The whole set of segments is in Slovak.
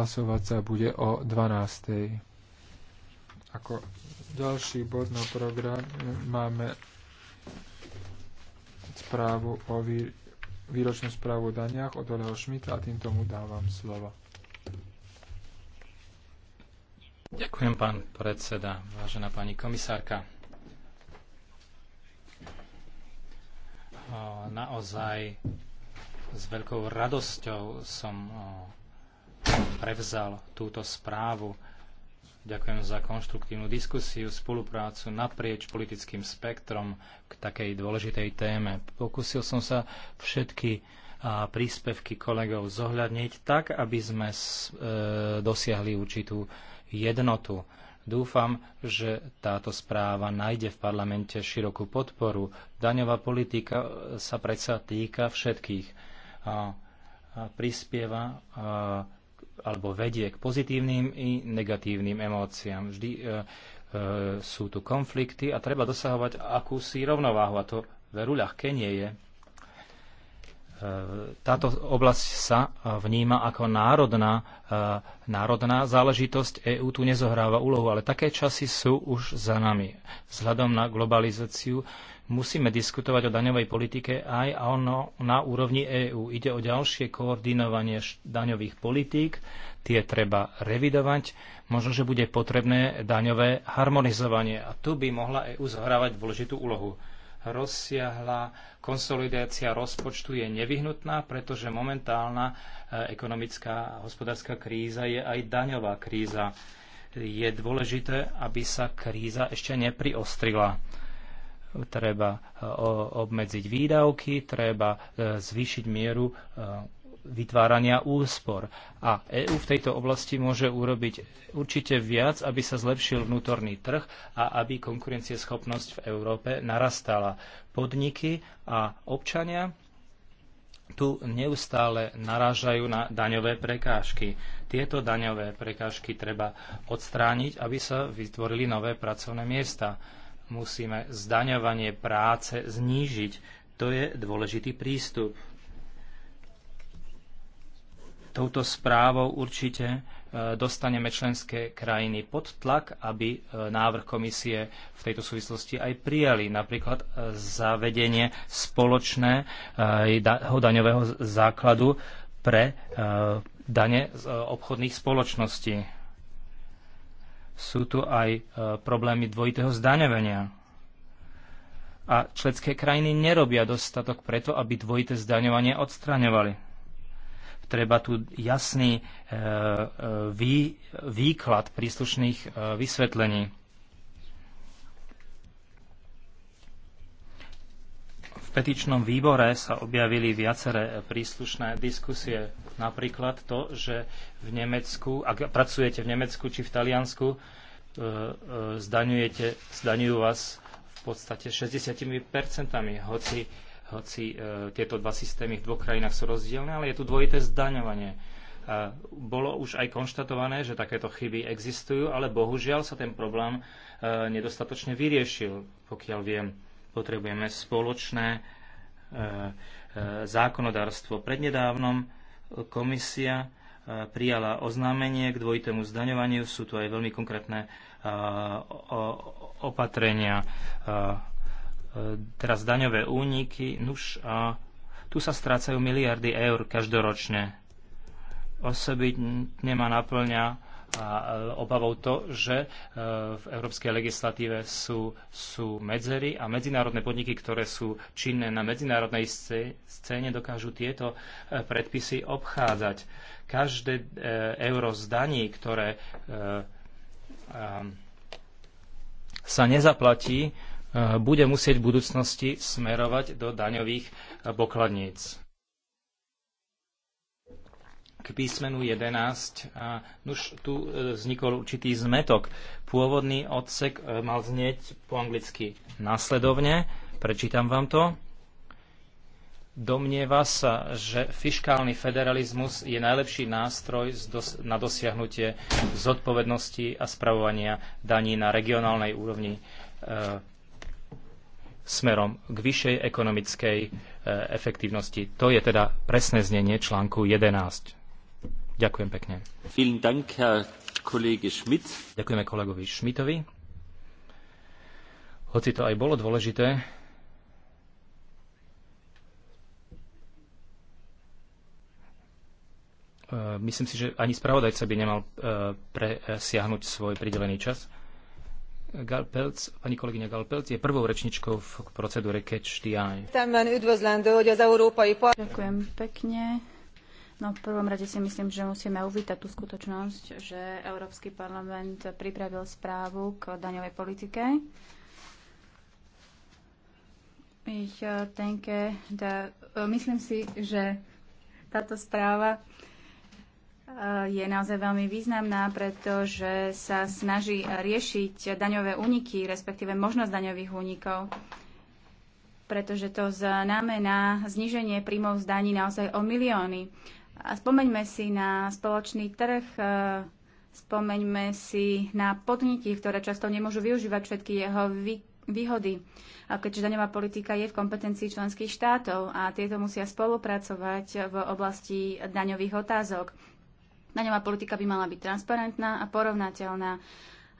Hlasovať sa bude o 12. Ako ďalší bod na program máme správu o výročnú správu o daniach od Oleho Šmita a týmto mu dávam slovo. Ďakujem, pán predseda, vážená pani komisárka. Naozaj s veľkou radosťou som prevzal túto správu. Ďakujem za konštruktívnu diskusiu, spoluprácu naprieč politickým spektrom k takej dôležitej téme. Pokúsil som sa všetky príspevky kolegov zohľadniť tak, aby sme e, dosiahli určitú jednotu. Dúfam, že táto správa nájde v parlamente širokú podporu. Daňová politika e, sa predsa týka všetkých. A prispieva alebo vedie k pozitívnym i negatívnym emóciám. Vždy e, e, sú tu konflikty a treba dosahovať akúsi rovnováhu a to veru ľahké nie je. E, táto oblasť sa e, vníma ako národná, e, národná záležitosť. EÚ tu nezohráva úlohu, ale také časy sú už za nami. Vzhľadom na globalizáciu musíme diskutovať o daňovej politike aj ono na úrovni EÚ. Ide o ďalšie koordinovanie daňových politík, tie treba revidovať. Možno, že bude potrebné daňové harmonizovanie a tu by mohla EÚ zohrávať dôležitú úlohu rozsiahla konsolidácia rozpočtu je nevyhnutná, pretože momentálna e, ekonomická a hospodárska kríza je aj daňová kríza. Je dôležité, aby sa kríza ešte nepriostrila. Treba e, obmedziť výdavky, treba e, zvýšiť mieru vytvárania úspor. A EÚ v tejto oblasti môže urobiť určite viac, aby sa zlepšil vnútorný trh a aby konkurencieschopnosť v Európe narastala. Podniky a občania tu neustále narážajú na daňové prekážky. Tieto daňové prekážky treba odstrániť, aby sa vytvorili nové pracovné miesta. Musíme zdaňovanie práce znížiť. To je dôležitý prístup touto správou určite e, dostaneme členské krajiny pod tlak, aby e, návrh komisie v tejto súvislosti aj prijali. Napríklad e, zavedenie spoločného daňového základu pre dane z obchodných spoločností. Sú tu aj problémy dvojitého zdaňovania a členské krajiny nerobia dostatok preto, aby dvojité zdaňovanie odstraňovali. Treba tu jasný e, e, výklad príslušných e, vysvetlení. V petičnom výbore sa objavili viaceré príslušné diskusie. Napríklad to, že v Nemecku, ak pracujete v Nemecku či v Taliansku, zdaňujete, zdaňujú vás v podstate 60%, hoci hoci e, tieto dva systémy v dvoch krajinách sú rozdielne, ale je tu dvojité zdaňovanie. E, bolo už aj konštatované, že takéto chyby existujú, ale bohužiaľ sa ten problém e, nedostatočne vyriešil, pokiaľ viem. Potrebujeme spoločné e, e, zákonodárstvo. Prednedávnom komisia e, prijala oznámenie k dvojitému zdaňovaniu. Sú tu aj veľmi konkrétne e, opatrenia e, teraz daňové úniky, nuž a tu sa strácajú miliardy eur každoročne. Osobitne ma naplňa a obavou to, že e, v európskej legislatíve sú, sú medzery a medzinárodné podniky, ktoré sú činné na medzinárodnej scéne, dokážu tieto e, predpisy obchádzať. Každé e, euro z daní, ktoré sa nezaplatí, Eh, bude musieť v budúcnosti smerovať do daňových eh, pokladníc. K písmenu 11. A, eh, nuž, tu vznikol určitý zmetok. Pôvodný odsek mal znieť po anglicky následovne. Prečítam vám to. Domnieva sa, že fiškálny federalizmus je najlepší nástroj na dosiahnutie zodpovednosti a spravovania daní na regionálnej úrovni smerom k vyššej ekonomickej e, efektívnosti. To je teda presné znenie článku 11. Ďakujem pekne. Ďakujeme kolegovi Šmitovi. Hoci to aj bolo dôležité, e, myslím si, že ani spravodajca by nemal e, presiahnuť svoj pridelený čas. Galpelc, pani kolegyňa Galpelc je prvou rečničkou v procedúre Catch the Ďakujem pekne. No v prvom rade si myslím, že musíme uvítať tú skutočnosť, že Európsky parlament pripravil správu k daňovej politike. Ich eh, denke, da, eh, myslím si, že táto správa Eh, je naozaj veľmi významná, pretože sa snaží riešiť daňové úniky, respektíve možnosť daňových únikov pretože to znamená zníženie príjmov z daní naozaj o milióny. A spomeňme si na spoločný trh, eh, spomeňme si na podniky, ktoré často nemôžu využívať všetky jeho výhody, keďže daňová politika je v kompetencii členských štátov a tieto musia spolupracovať v oblasti daňových otázok. Daňová politika by mala byť transparentná a porovnateľná.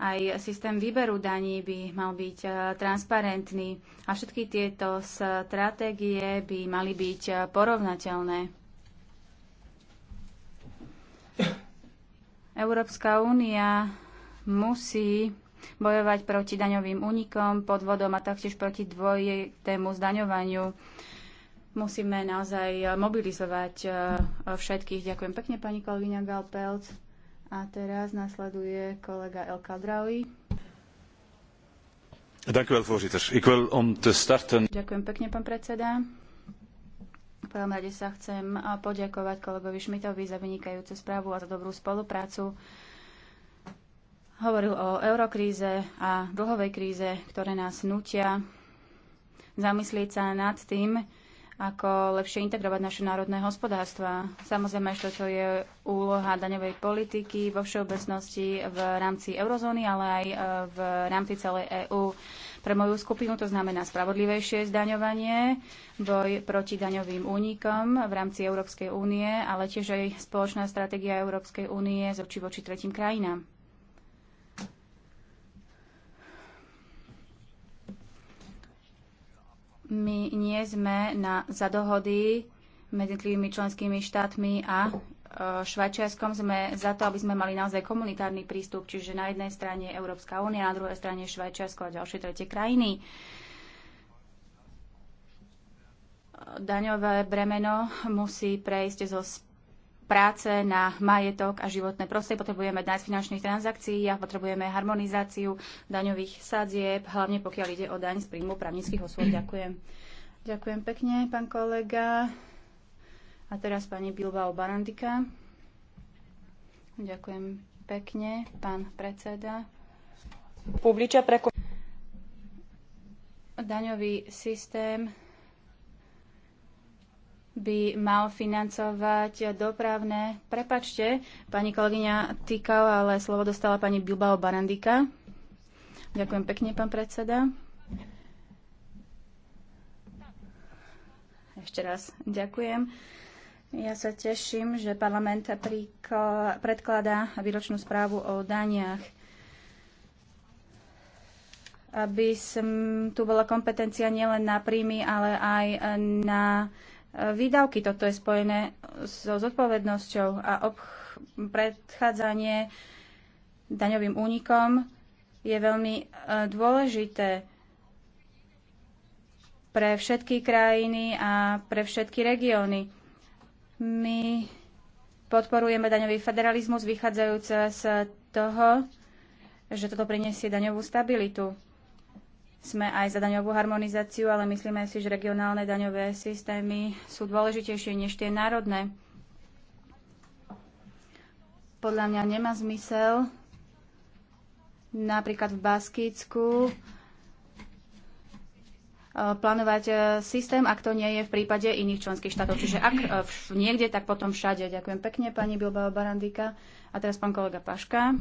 Aj systém výberu daní by mal byť e, transparentný a všetky tieto stratégie by mali byť e, porovnateľné. Európska únia musí bojovať proti daňovým únikom, podvodom a taktiež proti dvojitému zdaňovaniu musíme naozaj mobilizovať e, všetkých. Ďakujem pekne, pani kolegyňa Galpelc. A teraz nasleduje kolega El Kadraui. Ďakujem pekne, pán predseda. V prvom rade sa chcem e, poďakovať kolegovi Šmitovi za vynikajúcu správu a za dobrú spoluprácu. Hovoril o eurokríze a dlhovej kríze, ktoré nás nutia zamyslieť sa nad tým, ako lepšie integrovať naše národné hospodárstva. Samozrejme, že toto je úloha daňovej politiky vo všeobecnosti v rámci eurozóny, ale aj e, v rámci celej EÚ. Pre moju skupinu to znamená spravodlivejšie zdaňovanie, boj proti daňovým únikom v rámci Európskej únie, ale tiež aj spoločná stratégia Európskej únie z voči tretím krajinám. My nie sme na, za dohody medzi tými členskými štátmi a e, Švajčiarskom sme za to, aby sme mali naozaj komunitárny prístup, čiže na jednej strane Európska únia, na druhej strane Švajčiarsko a ďalšie tretie krajiny daňové bremeno musí prejsť zo práce na majetok a životné prostredie. Potrebujeme daň z finančných transakcií a potrebujeme harmonizáciu daňových sadzieb, hlavne pokiaľ ide o daň z príjmu právnických osôb. Ďakujem. Ďakujem pekne, pán kolega. A teraz pani Bilbao Barandika. Ďakujem pekne, pán predseda. Publiča preko... Daňový systém by mal financovať dopravné. Prepačte, pani kolegyňa týkala, ale slovo dostala pani Bilbao Barandika. Ďakujem pekne, pán predseda. Ešte raz ďakujem. Ja sa teším, že parlament predkladá výročnú správu o daniach aby som tu bola kompetencia nielen na príjmy, ale aj na výdavky. Toto je spojené so zodpovednosťou a predchádzanie daňovým únikom je veľmi e, dôležité pre všetky krajiny a pre všetky regióny. My podporujeme daňový federalizmus vychádzajúce z toho, že toto prinesie daňovú stabilitu. Sme aj za daňovú harmonizáciu, ale myslíme si, že regionálne daňové systémy sú dôležitejšie než tie národné. Podľa mňa nemá zmysel napríklad v Baskicku e, plánovať e, systém, ak to nie je v prípade iných členských štátov. Čiže ak e, niekde, tak potom všade. Ďakujem pekne, pani Bilbao Barandika. A teraz pán kolega Paška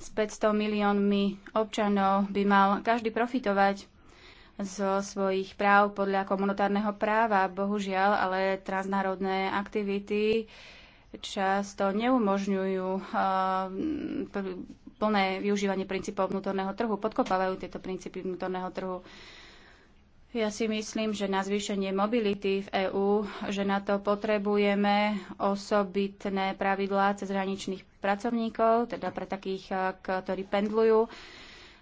s 500 miliónmi občanov by mal každý profitovať zo svojich práv podľa komunitárneho práva. Bohužiaľ, ale transnárodné aktivity často neumožňujú plné využívanie princípov vnútorného trhu, podkopávajú tieto princípy vnútorného trhu. Ja si myslím, že na zvýšenie mobility v EÚ, že na to potrebujeme osobitné pravidlá cezhraničných pracovníkov, teda pre takých, eh, ktorí pendlujú.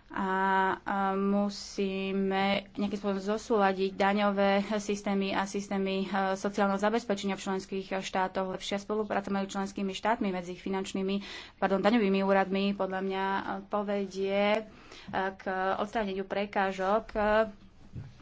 A musíme nejakým spôsobom zosúľadiť daňové systémy a systémy eh, sociálneho zabezpečenia v členských štátoch. Lepšia spolupráca medzi členskými štátmi, medzi ich finančnými, pardon, daňovými úradmi podľa mňa eh, povedie k odstráneniu prekážok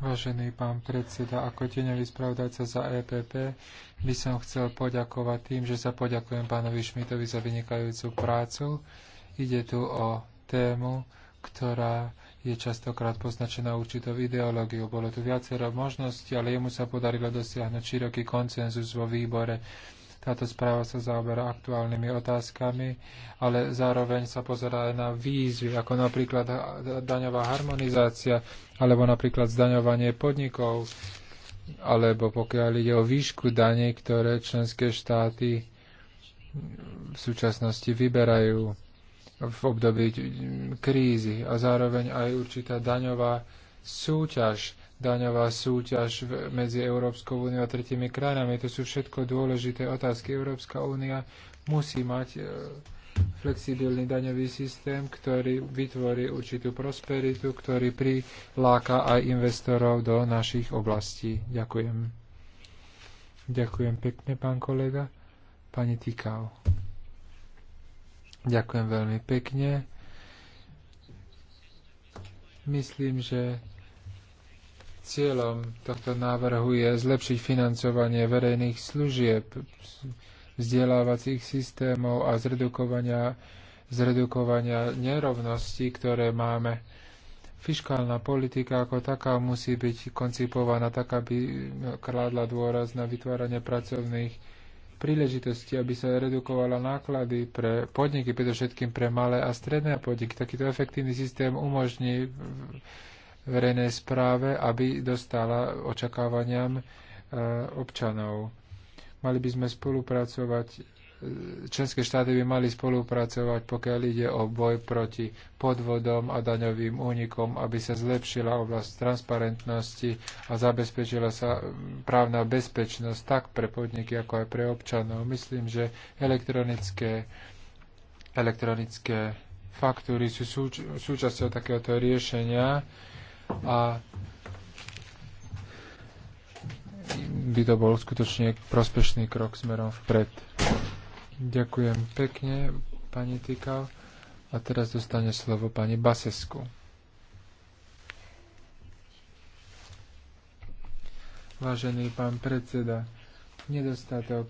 Vážený pán predseda, ako tieňový spravodajca za EPP by som chcel poďakovať tým, že sa poďakujem pánovi Šmitovi za vynikajúcu prácu. Ide tu o tému, ktorá je častokrát poznačená určitou ideológiou. Bolo tu viacero možností, ale jemu sa podarilo dosiahnuť široký koncenzus vo výbore táto správa sa zaoberá aktuálnymi otázkami, ale zároveň sa pozerá aj na výzvy, ako napríklad daňová harmonizácia, alebo napríklad zdaňovanie podnikov, alebo pokiaľ ide o výšku daní, ktoré členské štáty v súčasnosti vyberajú v období krízy a zároveň aj určitá daňová súťaž, daňová súťaž medzi Európskou úniou a tretimi krajinami. To sú všetko dôležité otázky. Európska únia musí mať e, flexibilný daňový systém, ktorý vytvorí určitú prosperitu, ktorý priláka aj investorov do našich oblastí. Ďakujem. Ďakujem pekne, pán kolega. Pani Tikau. Ďakujem veľmi pekne. Myslím, že Cieľom tohto návrhu je zlepšiť financovanie verejných služieb, vzdelávacích systémov a zredukovania, zredukovania nerovností, ktoré máme. Fiškálna politika ako taká musí byť koncipovaná tak, aby kládla dôraz na vytváranie pracovných príležitosti, aby sa redukovala náklady pre podniky, predovšetkým pre malé a stredné podniky. Takýto efektívny systém umožní verejnej správe, aby dostala očakávaniam e, občanov. Mali by sme spolupracovať, e, členské štáty by mali spolupracovať, pokiaľ ide o boj proti podvodom a daňovým únikom, aby sa zlepšila oblasť transparentnosti a zabezpečila sa právna bezpečnosť tak pre podniky, ako aj pre občanov. Myslím, že elektronické, elektronické faktúry sú súč- súčasťou takéhoto riešenia a by to bol skutočne prospešný krok smerom vpred. Ďakujem pekne, pani Tikal. A teraz dostane slovo pani Basesku. Vážený pán predseda, nedostatok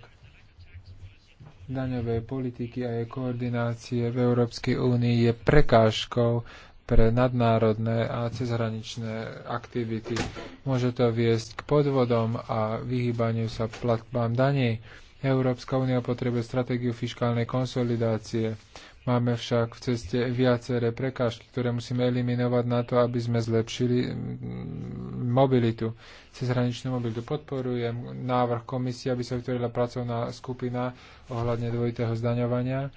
daňovej politiky a jej koordinácie v Európskej únii je prekážkou pre nadnárodné a cezhraničné aktivity. Môže to viesť k podvodom a vyhýbaniu sa platbám daní. Európska únia potrebuje stratégiu fiskálnej konsolidácie. Máme však v ceste viaceré prekážky, ktoré musíme eliminovať na to, aby sme zlepšili mm, mobilitu, cezhraničnú mobilitu. Podporujem návrh komisie, aby sa vytvorila pracovná skupina ohľadne dvojitého zdaňovania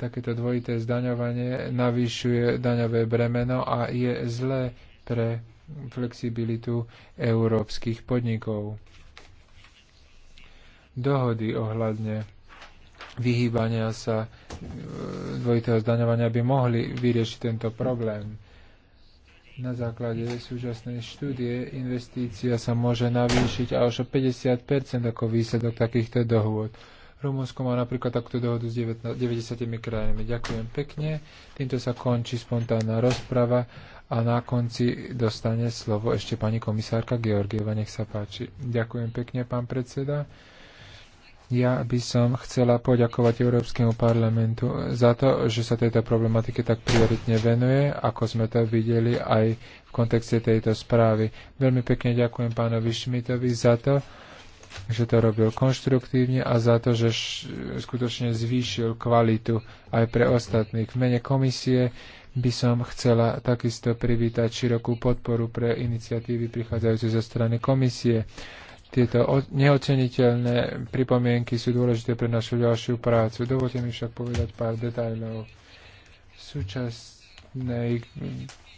takéto dvojité zdaňovanie navyšuje daňové bremeno a je zlé pre flexibilitu európskych podnikov. Dohody ohľadne vyhýbania sa e, dvojitého zdaňovania by mohli vyriešiť tento problém. Na základe súčasnej štúdie investícia sa môže navýšiť až o 50 ako výsledok takýchto dohôd. Rumunsko má napríklad takúto dohodu s 90 krajinami. Ďakujem pekne. Týmto sa končí spontánna rozprava a na konci dostane slovo ešte pani komisárka Georgieva. Nech sa páči. Ďakujem pekne, pán predseda. Ja by som chcela poďakovať Európskemu parlamentu za to, že sa tejto problematike tak prioritne venuje, ako sme to videli aj v kontexte tejto správy. Veľmi pekne ďakujem pánovi Šmitovi za to, že to robil konštruktívne a za to, že skutočne zvýšil kvalitu aj pre ostatných. V mene komisie by som chcela takisto privítať širokú podporu pre iniciatívy prichádzajúce zo strany komisie. Tieto neoceniteľné pripomienky sú dôležité pre našu ďalšiu prácu. Dovolte mi však povedať pár detajlov. V súčasnej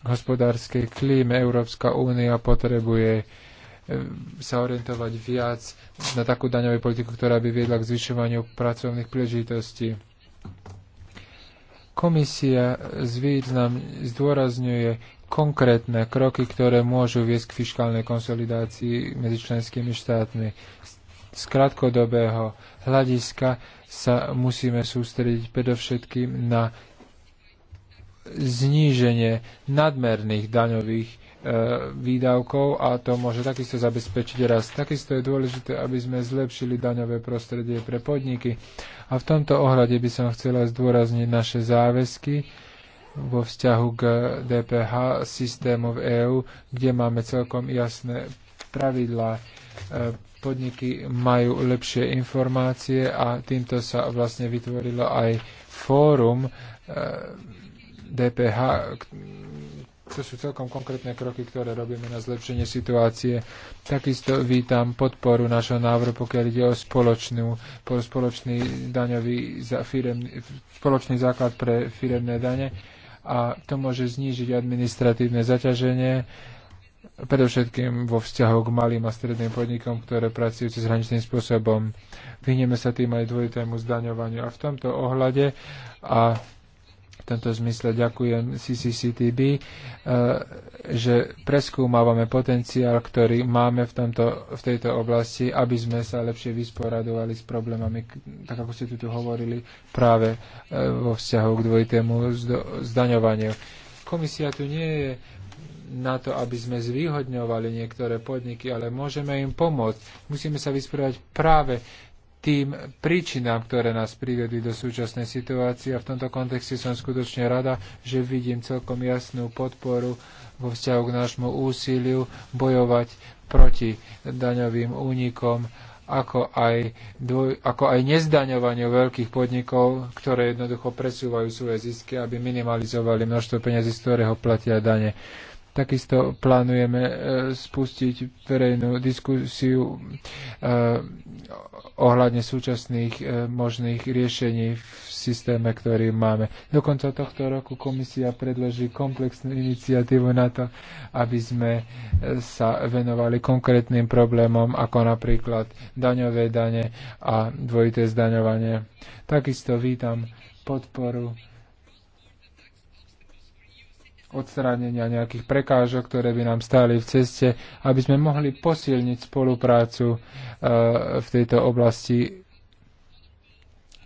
hospodárskej klíme Európska únia potrebuje E, sa orientovať viac na takú daňovú politiku, ktorá by viedla k zvyšovaniu pracovných príležitostí. Komisia zvýznam zdôrazňuje konkrétne kroky, ktoré môžu viesť k fiskálnej konsolidácii medzi členskými štátmi. Z krátkodobého hľadiska sa musíme sústrediť predovšetkým na zníženie nadmerných daňových e, výdavkov a to môže takisto zabezpečiť rast. Takisto je dôležité, aby sme zlepšili daňové prostredie pre podniky. A v tomto ohľade by som chcela zdôrazniť naše záväzky vo vzťahu k DPH systému v EÚ, kde máme celkom jasné pravidlá. E, podniky majú lepšie informácie a týmto sa vlastne vytvorilo aj fórum e, DPH. To sú celkom konkrétne kroky, ktoré robíme na zlepšenie situácie. Takisto vítam podporu našho návrhu, pokiaľ ide o spoločnú, po spoločný, daňový, firemný, spoločný základ pre firemné dane a to môže znížiť administratívne zaťaženie predovšetkým vo vzťahu k malým a stredným podnikom, ktoré pracujú cez hraničným spôsobom. Vyhneme sa tým aj dvojitému zdaňovaniu. A v tomto ohľade a v tomto zmysle ďakujem CCCTB, eh, že preskúmávame potenciál, ktorý máme v, tomto, v tejto oblasti, aby sme sa lepšie vysporadovali s problémami, tak ako ste tu hovorili, práve eh, vo vzťahu k dvojitému zdaňovaniu. Komisia tu nie je na to, aby sme zvýhodňovali niektoré podniky, ale môžeme im pomôcť. Musíme sa vysporiadať práve tým príčinám, ktoré nás priviedli do súčasnej situácie. A v tomto kontexte som skutočne rada, že vidím celkom jasnú podporu vo vzťahu k nášmu úsiliu bojovať proti daňovým únikom, ako aj, dvoj, ako aj nezdaňovaniu veľkých podnikov, ktoré jednoducho presúvajú svoje zisky, aby minimalizovali množstvo peniazy, z ktorého platia dane. Takisto plánujeme e, spustiť verejnú diskusiu e, ohľadne súčasných e, možných riešení v systéme, ktorý máme. Do konca tohto roku komisia predloží komplexnú iniciatívu na to, aby sme sa venovali konkrétnym problémom, ako napríklad daňové dane a dvojité zdaňovanie. Takisto vítam podporu odstránenia nejakých prekážok, ktoré by nám stáli v ceste, aby sme mohli posilniť spoluprácu e, v tejto oblasti.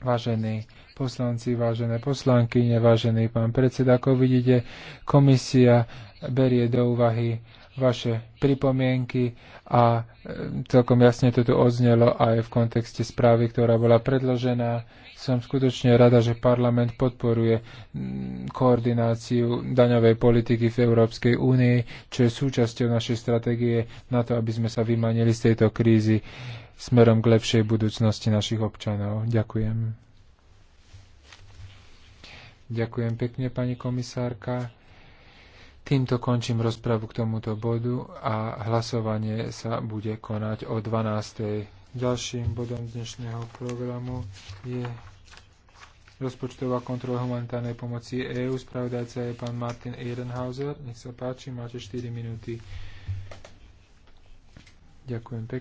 Vážení poslanci, vážené poslanky, vážený pán predseda, ako vidíte, komisia berie do úvahy vaše pripomienky a e, celkom jasne to tu odznelo aj v kontexte správy, ktorá bola predložená som skutočne rada, že parlament podporuje mm, koordináciu daňovej politiky v Európskej únii, čo je súčasťou našej stratégie na to, aby sme sa vymanili z tejto krízy smerom k lepšej budúcnosti našich občanov. Ďakujem. Ďakujem pekne, pani komisárka. Týmto končím rozpravu k tomuto bodu a hlasovanie sa bude konať o 12. Ďalším bodom dnešného programu je rozpočtová kontrola humanitárnej pomoci EÚ. Spravodajca je pán Martin Ehrenhauser. Nech sa páči, máte 4 minúty. Ďakujem pekne.